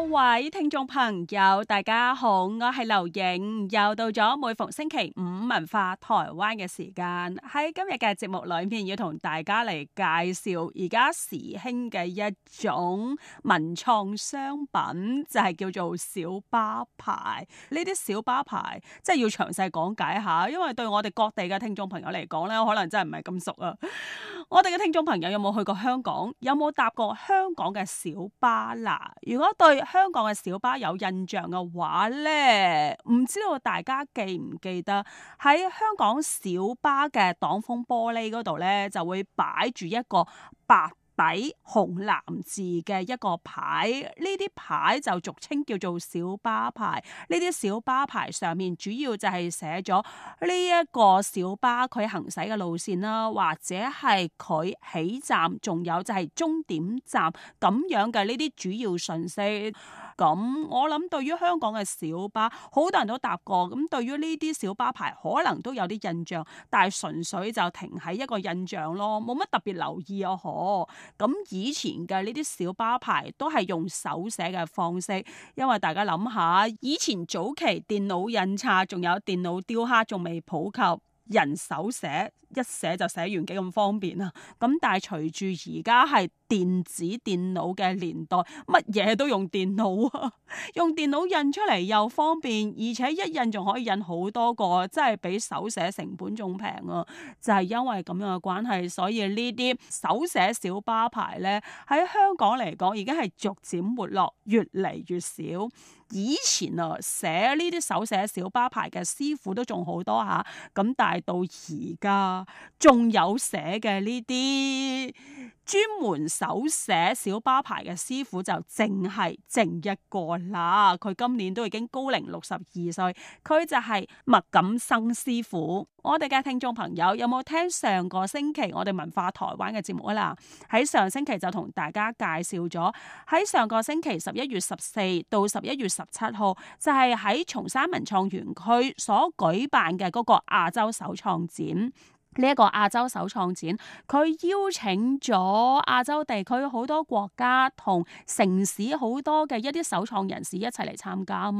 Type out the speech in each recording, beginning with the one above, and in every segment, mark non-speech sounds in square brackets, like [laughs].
各位聽眾朋友，大家好，我係劉影，又到咗每逢星期五文化台灣嘅時間。喺今日嘅節目裏邊，要同大家嚟介紹而家時興嘅一種文創商品，就係叫做小巴牌。呢啲小巴牌，即係要詳細講解下，因為對我哋各地嘅聽眾朋友嚟講咧，可能真係唔係咁熟啊。我哋嘅聽眾朋友有冇去過香港？有冇搭過香港嘅小巴？嗱，如果對香港嘅小巴有印象嘅話咧，唔知道大家記唔記得喺香港小巴嘅擋風玻璃嗰度咧，就會擺住一個白。底紅藍字嘅一個牌，呢啲牌就俗稱叫做小巴牌。呢啲小巴牌上面主要就係寫咗呢一個小巴佢行駛嘅路線啦，或者係佢起站，仲有就係終點站咁樣嘅呢啲主要信息。咁我諗對於香港嘅小巴，好多人都搭過，咁對於呢啲小巴牌可能都有啲印象，但係純粹就停喺一個印象咯，冇乜特別留意哦、啊。嗬，咁以前嘅呢啲小巴牌都係用手寫嘅方式，因為大家諗下，以前早期電腦印刷仲有電腦雕刻仲未普及，人手寫一寫就寫完幾咁方便啊。咁但係隨住而家係。電子電腦嘅年代，乜嘢都用電腦啊！用電腦印出嚟又方便，而且一印仲可以印好多個，真係比手寫成本仲平啊！就係因為咁樣嘅關係，所以呢啲手寫小巴牌呢，喺香港嚟講，已經係逐漸沒落，越嚟越少。以前啊，寫呢啲手寫小巴牌嘅師傅都仲好多吓、啊，咁但係到而家，仲有寫嘅呢啲。專門手寫小巴牌嘅師傅就淨係淨一個啦，佢今年都已經高齡六十二歲，佢就係麥錦生師傅。我哋嘅聽眾朋友有冇聽上個星期我哋文化台灣嘅節目啊？啦，喺上星期就同大家介紹咗，喺上個星期十一月十四到十一月十七號就係、是、喺松山文創園區所舉辦嘅嗰個亞洲首創展。呢一個亞洲首創展，佢邀請咗亞洲地區好多國家同城市好多嘅一啲首創人士一齊嚟參加啊！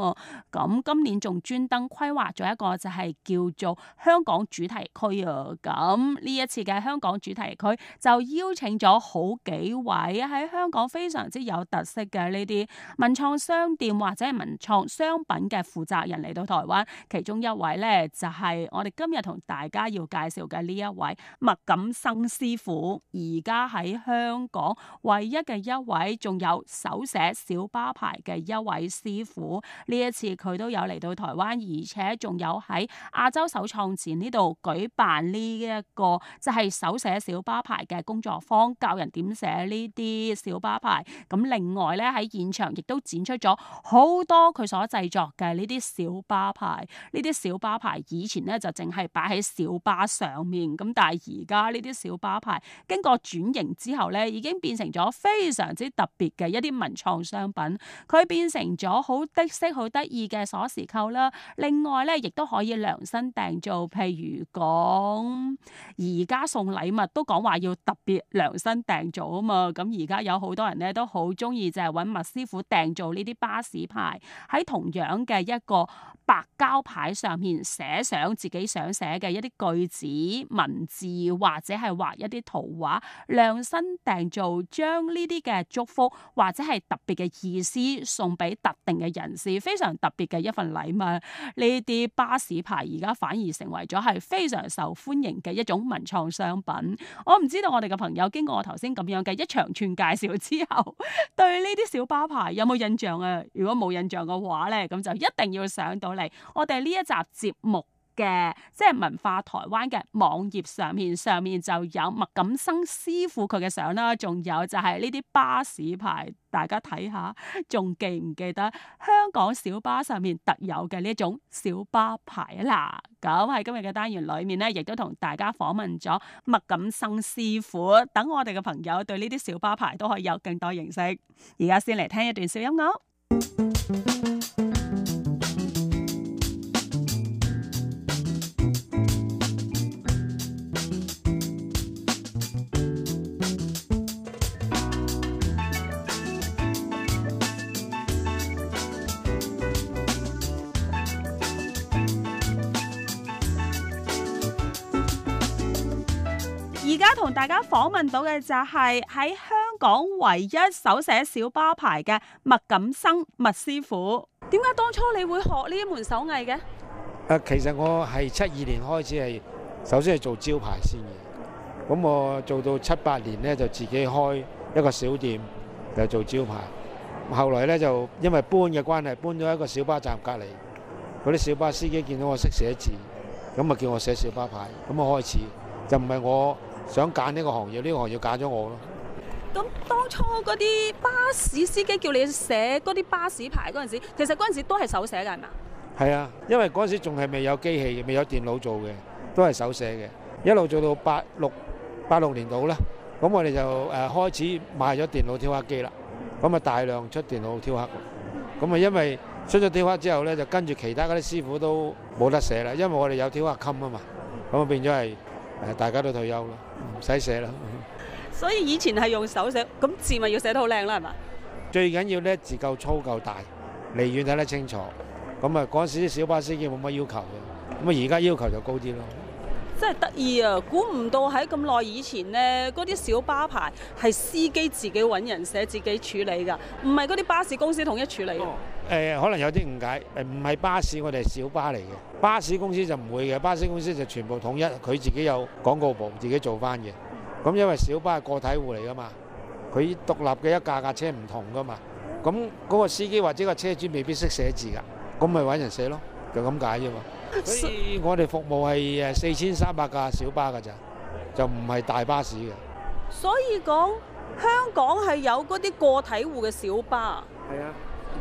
咁、嗯、今年仲專登規劃咗一個就係叫做香港主題區啊！咁、嗯、呢一次嘅香港主題區就邀請咗好幾位喺香港非常之有特色嘅呢啲文創商店或者係文創商品嘅負責人嚟到台灣，其中一位呢，就係、是、我哋今日同大家要介紹嘅。呢一位麥錦生師傅，而家喺香港唯一嘅一位，仲有手寫小巴牌嘅一位師傅。呢一次佢都有嚟到台灣，而且仲有喺亞洲首創展呢度舉辦呢一個，即係手寫小巴牌嘅工作坊，教人點寫呢啲小巴牌。咁另外呢，喺現場亦都展出咗好多佢所製作嘅呢啲小巴牌。呢啲小巴牌以前呢，就淨係擺喺小巴上面。咁，但係而家呢啲小巴牌經過轉型之後呢，已經變成咗非常之特別嘅一啲文創商品。佢變成咗好得色、好得意嘅鎖匙扣啦。另外呢，亦都可以量身訂造。譬如講，而家送禮物都講話要特別量身訂造啊嘛。咁而家有好多人呢，都好中意就係揾麥師傅訂造呢啲巴士牌，喺同樣嘅一個白膠牌上面寫上自己想寫嘅一啲句子。文字或者係畫一啲圖畫，量身訂做，將呢啲嘅祝福或者係特別嘅意思送俾特定嘅人士，非常特別嘅一份禮物。呢啲巴士牌而家反而成為咗係非常受歡迎嘅一種文創商品。我唔知道我哋嘅朋友經過我頭先咁樣嘅一長串介紹之後， [laughs] 對呢啲小巴牌有冇印象啊？如果冇印象嘅話咧，咁就一定要上到嚟我哋呢一集節目。嘅，即係文化台灣嘅網頁上面，上面就有麥錦生師傅佢嘅相啦，仲有就係呢啲巴士牌，大家睇下，仲記唔記得香港小巴上面特有嘅呢種小巴牌啦？咁喺今日嘅單元裏面呢，亦都同大家訪問咗麥錦生師傅，等我哋嘅朋友對呢啲小巴牌都可以有更多認識。而家先嚟聽一段小音樂。大家訪問到嘅就係喺香港唯一手寫小巴牌嘅麥錦生麥師傅。點解當初你會學呢一門手藝嘅？其實我係七二年開始，係首先係做招牌先嘅。咁我做到七八年呢，就自己開一個小店又做招牌。後來呢，就因為搬嘅關係，搬咗一個小巴站隔離。嗰啲小巴司機見到我識寫字，咁啊叫我寫小巴牌，咁我開始就唔係我。想揀呢個行業，呢個行業揀咗我咯。咁當初嗰啲巴士司機叫你寫嗰啲巴士牌嗰陣時，其實嗰陣時都係手寫嘅，係嘛？係啊，因為嗰陣時仲係未有機器嘅，未有電腦做嘅，都係手寫嘅。一路做到八六八六年度啦，咁我哋就誒開始賣咗電腦雕刻機啦。咁啊大量出電腦雕刻。咁啊因為出咗雕刻之後咧，就跟住其他嗰啲師傅都冇得寫啦，因為我哋有雕刻襟啊嘛。咁啊變咗係誒大家都退休啦。唔使寫啦，所以以前係用手寫，咁字咪要寫得好靚啦，係嘛？最緊要咧字夠粗夠大，離遠睇得清楚。咁啊嗰陣時啲小巴司機冇乜要求嘅，咁啊而家要求就高啲咯。真係得意啊！估唔到喺咁耐以前呢，嗰啲小巴牌係司機自己揾人寫、自己處理㗎，唔係嗰啲巴士公司統一處理。誒、呃，可能有啲誤解，呃、唔係巴士，我哋係小巴嚟嘅。巴士公司就唔會嘅，巴士公司就全部統一，佢自己有廣告部，自己做翻嘅。咁、嗯嗯、因為小巴係個體戶嚟㗎嘛，佢獨立嘅一架架車唔同㗎嘛。咁嗰個司機或者個車主未必識寫字㗎，咁咪揾人寫咯，就咁解啫嘛。所以我哋服務係誒四千三百架小巴噶咋，就唔係大巴士嘅。所以講香港係有嗰啲個體戶嘅小巴。係啊。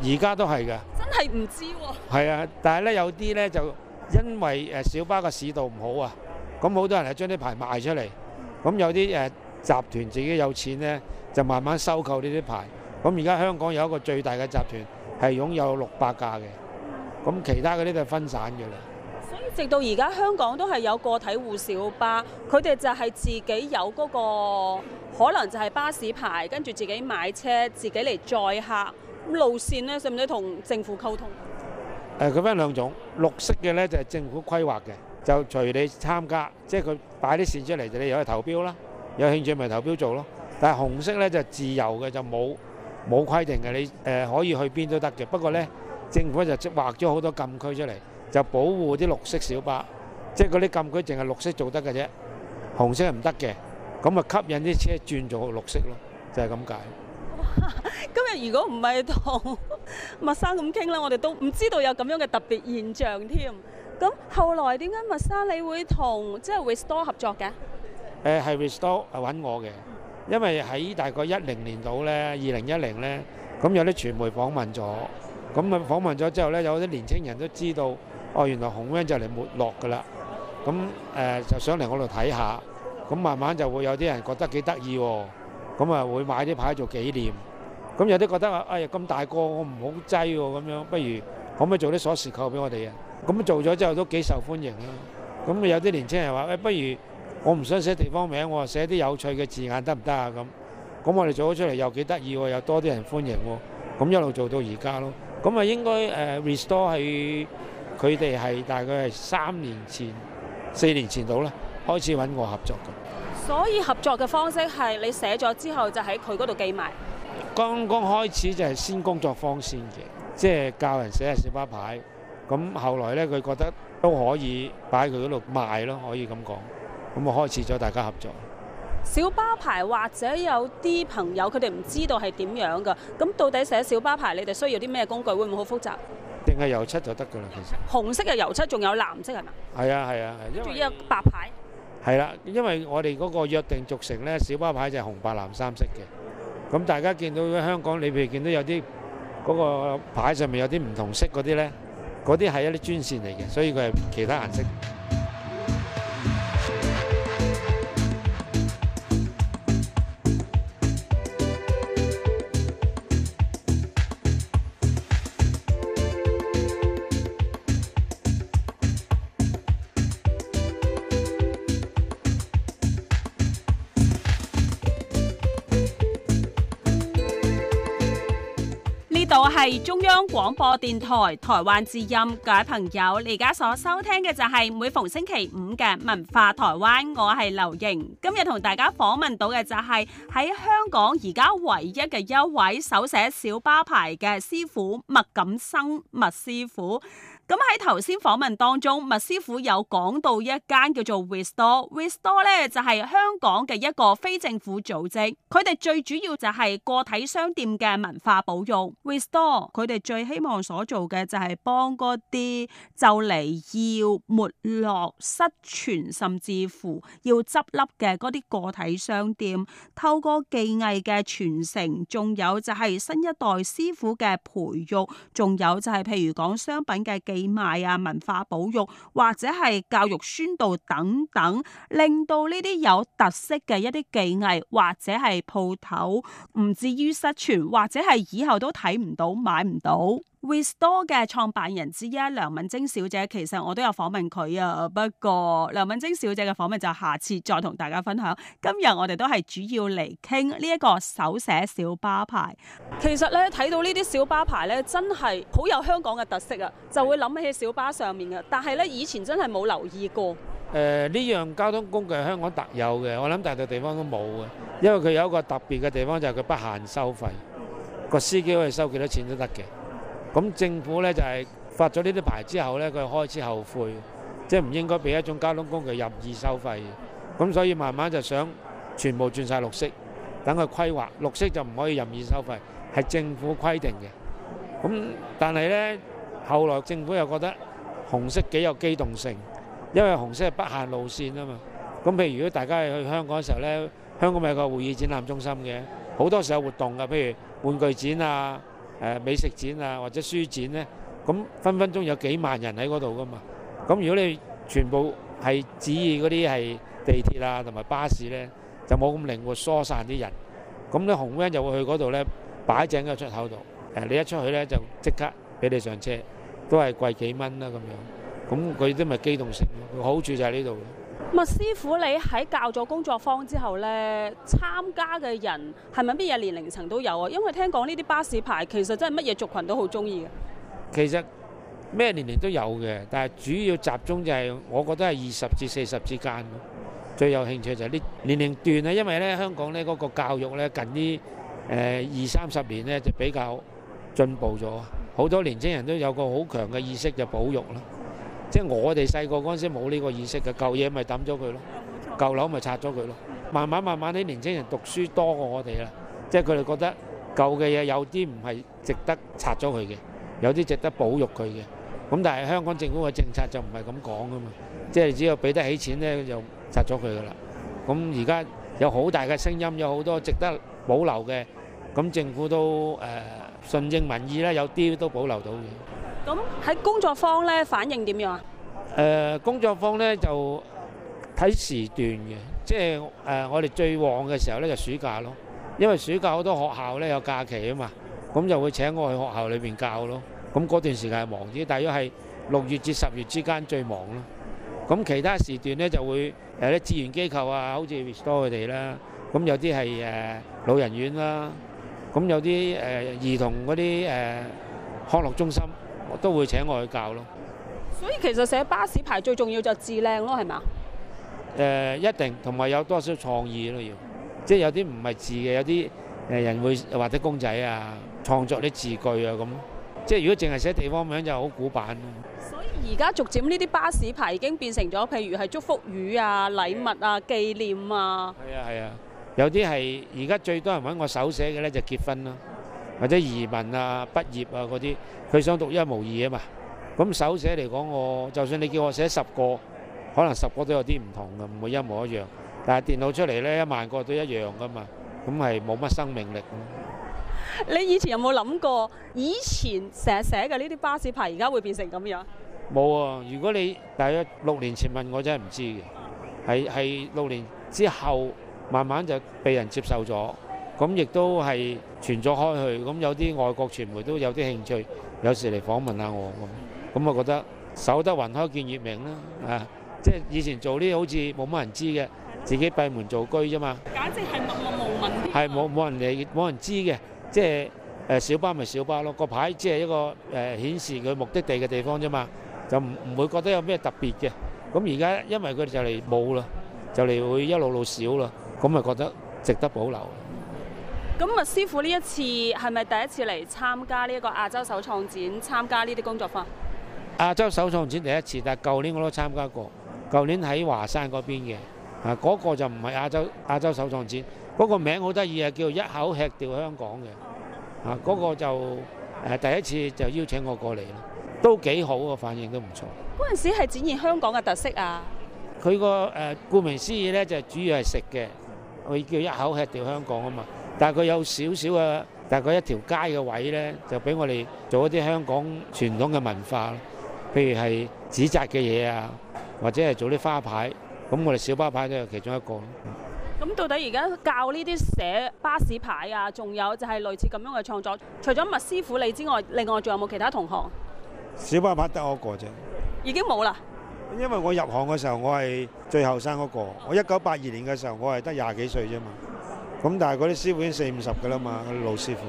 而家都係噶。真係唔知喎、啊。係啊，但係咧有啲咧就因為誒小巴嘅市道唔好啊，咁好多人係將啲牌賣出嚟，咁有啲誒、呃、集團自己有錢咧就慢慢收購呢啲牌。咁而家香港有一個最大嘅集團係擁有六百架嘅，咁其他嗰啲都係分散嘅啦。直到而家香港都係有個體戶小巴，佢哋就係自己有嗰個可能就係巴士牌，跟住自己買車，自己嚟載客。路線呢，使唔使同政府溝通？咁講翻兩種，綠色嘅呢，就係政府規劃嘅，就隨你參加，即係佢擺啲線出嚟，就你有嚟投標啦。有興趣咪投標做咯。但係紅色呢，就自由嘅，就冇冇規定嘅，你誒可以去邊都得嘅。不過呢，政府就畫咗好多禁區出嚟。就保護啲綠色小巴，即係嗰啲禁區淨係綠色做得嘅啫，紅色係唔得嘅。咁啊吸引啲車轉做綠色咯，就係咁解。今日如果唔係同麥生咁傾咧，我哋都唔知道有咁樣嘅特別現象添。咁後來點解麥生你會同即係 Restore 合作嘅？誒係 Restore 係搵我嘅，因為喺大概一零年度咧，二零一零咧，咁有啲傳媒訪問咗，咁啊訪問咗之後咧，有啲年青人都知道。哦，原來紅 van 就嚟沒落㗎啦。咁誒就想嚟我度睇下，咁慢慢就會有啲人覺得幾得意喎。咁啊會買啲牌做紀念。咁有啲覺得啊，哎呀咁大個，我唔好擠喎，咁樣不如可唔可以做啲鎖匙扣俾我哋啊？咁做咗之後都幾受歡迎啦。咁啊有啲年輕人話，誒，不如我唔想寫地方名，我寫啲有趣嘅字眼得唔得啊？咁咁我哋做咗出嚟又幾得意喎，又多啲人歡迎喎。咁一路做到而家咯。咁啊應該誒 restore 係。佢哋係大概係三年前、四年前到啦，開始揾我合作嘅。所以合作嘅方式係你寫咗之後就喺佢嗰度寄賣。剛剛開始就係先工作坊先嘅，即係教人寫小巴牌。咁後來呢，佢覺得都可以擺喺佢嗰度賣咯，可以咁講。咁啊開始咗大家合作。小巴牌或者有啲朋友佢哋唔知道係點樣㗎，咁到底寫小巴牌你哋需要啲咩工具？會唔會好複雜？.定係油漆就得噶啦，其實。紅色嘅油漆仲有藍色係嘛？係啊係啊，啊，因為白牌。係啦、啊，因為我哋嗰個約定俗成咧，小巴牌就係紅白藍三色嘅。咁大家見到香港裏面，你譬如見到有啲嗰、嗰個牌上面有啲唔同色嗰啲咧，嗰啲係一啲專線嚟嘅，所以佢係其他顏色。道係中央廣播電台台灣之音，各位朋友，你而家所收聽嘅就係每逢星期五嘅文化台灣，我係劉瑩。今日同大家訪問到嘅就係喺香港而家唯一嘅一位手寫小巴牌嘅師傅麥錦生麥師傅。咁喺頭先訪問當中，麥師傅有講到一間叫做 Restore，Restore 咧就係香港嘅一個非政府組織，佢哋最主要就係個體商店嘅文化保育。多佢哋最希望所做嘅就係幫嗰啲就嚟要沒落失傳，甚至乎要執笠嘅嗰啲個體商店，透過技藝嘅傳承，仲有就係新一代師傅嘅培育，仲有就係譬如講商品嘅寄賣啊、文化保育或者係教育宣導等等，令到呢啲有特色嘅一啲技藝或者係鋪頭唔至於失傳，或者係以後都睇唔唔到，買唔到，Restore 嘅創辦人之一梁敏晶小姐，其實我都有訪問佢啊，不過梁敏晶小姐嘅訪問就下次再同大家分享。今日我哋都係主要嚟傾呢一個手寫小巴牌。其實咧，睇到呢啲小巴牌咧，真係好有香港嘅特色啊，就會諗起小巴上面嘅。但係咧，以前真係冇留意過。誒、呃，呢樣交通工具係香港特有嘅，我諗其他地方都冇嘅，因為佢有一個特別嘅地方就係佢不限收費。個司機可以收幾多錢都得嘅，咁政府呢就係發咗呢啲牌之後呢，佢開始後悔，即係唔應該俾一種交通工具任意收費，咁所以慢慢就想全部轉晒綠色，等佢規劃綠色就唔可以任意收費，係政府規定嘅。咁但係呢，後來政府又覺得紅色幾有機動性，因為紅色係不限路線啊嘛。咁譬如如果大家係去香港嘅時候呢，香港咪有個會議展覽中心嘅，好多時有活動嘅，譬如～玩具展啊、誒、呃、美食展啊或者書展咧、啊，咁分分鐘有幾萬人喺嗰度噶嘛。咁如果你全部係指意嗰啲係地鐵啊同埋巴士咧，就冇咁靈活疏散啲人。咁咧紅 van 就會去嗰度咧擺正個出口度，誒、呃、你一出去咧就即刻俾你上車，都係貴幾蚊啦咁樣。咁佢都咪機動性，佢個好處就喺呢度。麥師傅，你喺教咗工作坊之後呢，參加嘅人係咪乜嘢年齡層都有啊？因為聽講呢啲巴士牌其實真係乜嘢族群都好中意嘅。其實咩年齡都有嘅，但係主要集中就係、係、我覺得係二十至四十之間。最有興趣就係呢年齡段咧，因為呢香港呢嗰、嗰個教育呢，近呢誒二三十年呢就比較進步咗，好多年輕人都有個好強嘅意識就保育啦。即係我哋細個嗰陣時冇呢個意識嘅，舊嘢咪抌咗佢咯，舊樓咪拆咗佢咯。慢慢慢慢啲年青人讀書多過我哋啦，即係佢哋覺得舊嘅嘢有啲唔係值得拆咗佢嘅，有啲值得保育佢嘅。咁但係香港政府嘅政策就唔係咁講㗎嘛，即係只要俾得起錢咧，就拆咗佢㗎喇。咁而家有好大嘅聲音，有好多值得保留嘅，咁政府都誒順應民意啦，有啲都保留到嘅。咁喺工作坊咧反應點樣啊？誒工作坊咧就睇時段嘅，即係誒我哋最旺嘅時候咧就暑假咯，因為暑假好多學校咧有假期啊嘛，咁就會請我去學校裏邊教咯。咁嗰段時間係忙啲，大約係六月至十月之間最忙咯。咁其他時段咧就會誒啲志願機構啊，好似 Restore 佢哋啦，咁有啲係誒老人院啦，咁有啲誒兒童嗰啲誒康樂中心。我都會請我去教咯。所以其實寫巴士牌最重要就字靚咯，係咪？誒，一定同埋有多少創意都要。即係有啲唔係字嘅，有啲誒人會或者公仔啊創作啲字句啊咁。即係如果淨係寫地方名就好古板咯。所以而家逐漸呢啲巴士牌已經變成咗，譬如係祝福語啊、禮物啊、紀念啊。係啊係啊，有啲係而家最多人揾我手寫嘅咧，就結婚咯。或者移民啊、畢業啊嗰啲，佢想獨一無二啊嘛。咁手寫嚟講，我就算你叫我寫十個，可能十個都有啲唔同嘅，唔會一模一樣。但係電腦出嚟呢，一萬個都一樣噶嘛。咁係冇乜生命力。你以前有冇諗過以前成日寫嘅呢啲巴士牌，而家會變成咁樣？冇啊！如果你大約六年前問我，真係唔知嘅。係係六年之後，慢慢就被人接受咗。咁亦都係傳咗開去，咁有啲外國傳媒都有啲興趣，有時嚟訪問下我咁，咁我覺得守得雲開見月明啦，啊，即係以前做啲好似冇乜人知嘅，自己閉門造車啫嘛，簡直係默默無聞，係冇冇人嚟，冇人知嘅，即係誒小巴咪小巴咯，個牌即係一個誒顯示佢目的地嘅地方啫嘛，就唔唔會覺得有咩特別嘅，咁而家因為佢哋就嚟冇啦，就嚟會一路路少啦，咁啊覺得值得保留。咁啊，師傅呢一次係咪第一次嚟參加呢一個亞洲首創展？參加呢啲工作坊？亞洲首創展第一次，但係舊年我都參加過。舊年喺華山嗰邊嘅啊，嗰個就唔係亞洲亞洲首創展，嗰個名好得意啊，叫一口吃掉香港嘅啊，嗰個就誒、啊、第一次就邀請我過嚟咯，都幾好嘅反應都錯，都唔錯。嗰陣時係展現香港嘅特色啊？佢個誒顧名思義咧，就主要係食嘅，佢叫一口吃掉香港啊嘛。但係佢有少少嘅，但係佢一條街嘅位咧，就俾我哋做一啲香港傳統嘅文化，譬如係紙紮嘅嘢啊，或者係做啲花牌，咁我哋小巴牌都係其中一個。咁到底而家教呢啲寫巴士牌啊，仲有就係類似咁樣嘅創作，除咗麥師傅你之外，另外仲有冇其他同學？小巴牌得我一個啫。已經冇啦。因為我入行嘅時候，我係最後生嗰個。我一九八二年嘅時候，我係得廿幾歲啫嘛。咁但係嗰啲師傅已經四五十嘅啦嘛，嗰啲老師傅。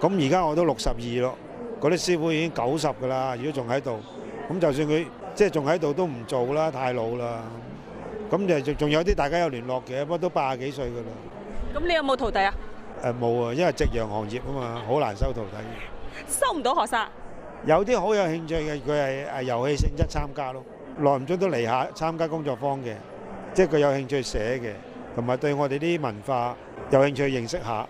咁而家我都六十二咯，嗰啲師傅已經九十嘅啦，如果仲喺度，咁就算佢即係仲喺度都唔做啦，太老啦。咁就仲有啲大家有聯絡嘅，不過都八十幾歲嘅啦。咁你有冇徒弟啊？誒冇啊，因為夕陽行業啊嘛，好難收徒弟。收唔到學生？有啲好有興趣嘅，佢係誒遊戲性質參加咯。耐唔中都嚟下參加工作坊嘅，即係佢有興趣寫嘅。同埋對我哋啲文化有興趣認識下，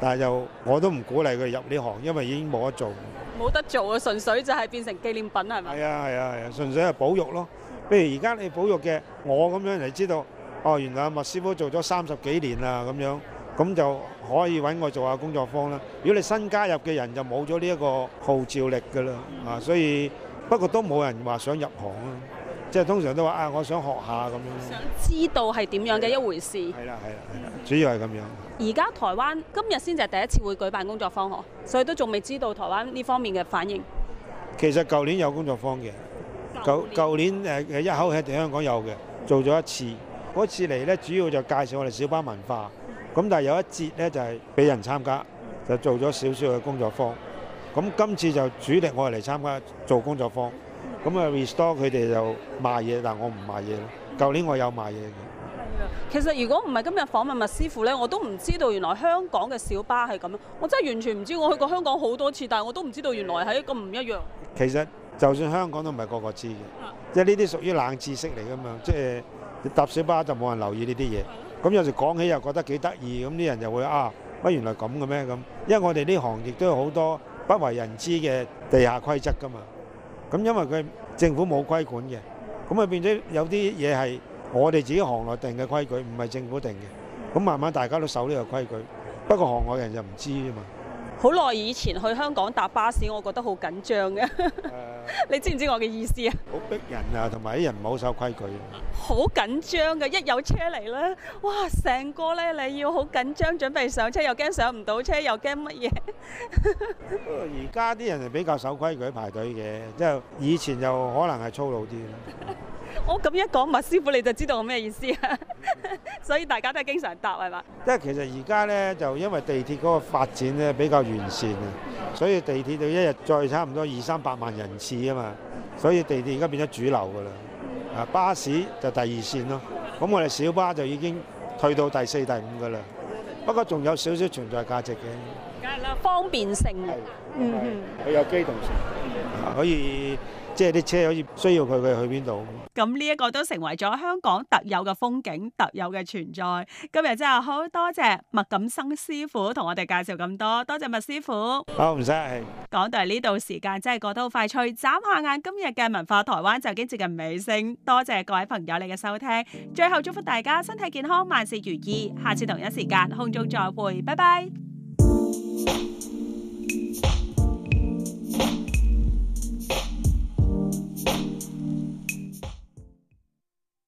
但係又我都唔鼓勵佢入呢行，因為已經冇得做，冇得做啊！純粹就係變成紀念品係咪？係啊係啊係啊！純粹係保育咯。譬如而家你保育嘅我咁樣嚟知道，哦，原來阿麥師傅做咗三十幾年啦咁樣，咁就可以搵我做下工作坊啦。如果你新加入嘅人就冇咗呢一個號召力㗎啦，啊所以不過都冇人話想入行啊。即係通常都話啊，我想學下咁樣。想知道係點樣嘅一回事。係啦，係啦，係啦，主要係咁樣。而家台灣今日先就係第一次會舉辦工作坊，所以都仲未知道台灣呢方面嘅反應。其實舊年有工作坊嘅，舊舊年誒一口氣定香港有嘅，做咗一次。嗰次嚟咧，主要就介紹我哋小巴文化。咁但係有一節咧，就係俾人參加，就做咗少少嘅工作坊。咁今次就主力我哋嚟參加做工作坊。咁啊，restore 佢哋就賣嘢，但係我唔賣嘢咯。舊年我有賣嘢嘅。係啊，其實如果唔係今日訪問麥師傅咧，我都唔知道原來香港嘅小巴係咁樣。我真係完全唔知，我去過香港好多次，但係我都唔知道原來係一個唔一樣。其實就算香港都唔係個個知嘅，即係呢啲屬於冷知識嚟㗎嘛。即係搭小巴就冇人留意呢啲嘢。咁有時講起又覺得幾得意，咁啲人又會啊，乜原來咁嘅咩咁。因為我哋呢行亦都有好多不為人知嘅地下規則㗎嘛。咁因為佢政府冇規管嘅，咁啊變咗有啲嘢係我哋自己行內定嘅規矩，唔係政府定嘅。咁慢慢大家都守呢個規矩，不過行外人就唔知咋嘛。好耐以前去香港搭巴士，我覺得好緊張嘅。 [laughs] 你知唔知我嘅意思啊？好逼人啊，同埋啲人唔好守規矩啊。好緊張嘅，一有車嚟啦，哇！成個咧你要好緊張準備上車，又驚上唔到車，又驚乜嘢？不過而家啲人係比較守規矩排隊嘅，即係以前就可能係粗魯啲。 [laughs] 我咁、哦、一講，麥師傅你就知道我咩意思啊？ [laughs] 所以大家都係經常搭係嘛？即係其實而家咧，就因為地鐵嗰個發展咧比較完善啊，所以地鐵就一日載差唔多二三百萬人次啊嘛。所以地鐵而家變咗主流噶啦，啊巴士就第二線咯。咁我哋小巴就已經退到第四、第五噶啦。不過仲有少少存在價值嘅。梗係啦，方便性，嗯，佢有機動性，可以。即係啲車可以需要佢，佢去邊度？咁呢一個都成為咗香港特有嘅風景、特有嘅存在。今日真係好多謝麥錦生師傅同我哋介紹咁多，多謝麥師傅。好，唔使。講到呢度，時間真係過得好快脆。眨下眼，今日嘅文化台灣就已經接近尾聲。多謝各位朋友你嘅收聽。最後祝福大家身體健康，萬事如意。下次同一時間，空中再會，拜拜。